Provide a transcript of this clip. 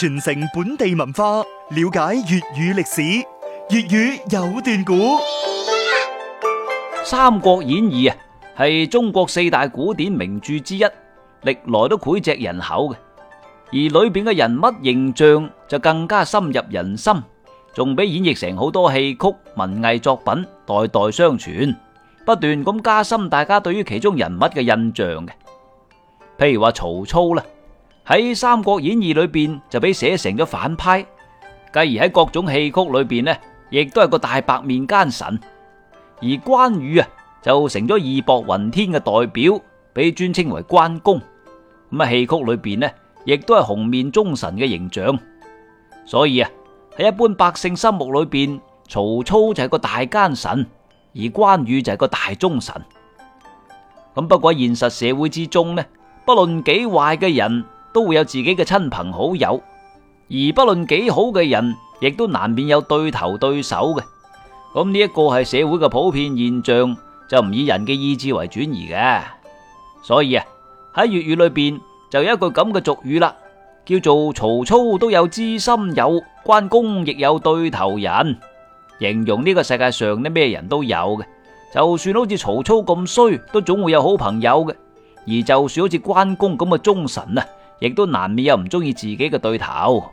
傳承本地文化，了解粵語歷史，粵語有段古《三國演義》啊，係中國四大古典名著之一，歷來都膾炙人口嘅。而裏邊嘅人物形象就更加深入人心，仲俾演繹成好多戲曲、文藝作品，代代相傳，不斷咁加深大家對於其中人物嘅印象嘅。譬如話曹操啦。喺《三國演義》裏邊就被寫成咗反派，繼而喺各種戲曲裏邊咧，亦都係個大白面奸臣。而關羽啊，就成咗義薄雲天嘅代表，俾尊稱為關公。咁啊，戲曲裏邊咧，亦都係紅面忠臣嘅形象。所以啊，喺一般百姓心目裏邊，曹操就係個大奸臣，而關羽就係個大忠臣。咁不過現實社會之中呢，不論幾壞嘅人。都會有自己嘅親朋好友，而不論幾好嘅人，亦都難免有對頭對手嘅。咁呢一個係社會嘅普遍現象，就唔以人嘅意志為轉移嘅。所以啊，喺粵語裏邊就有一句咁嘅俗語啦，叫做曹操都有知心友，關公亦有對頭人，形容呢個世界上呢，咩人都有嘅。就算好似曹操咁衰，都總會有好朋友嘅；而就算好似關公咁嘅忠臣啊。亦都難免有唔鍾意自己嘅對頭。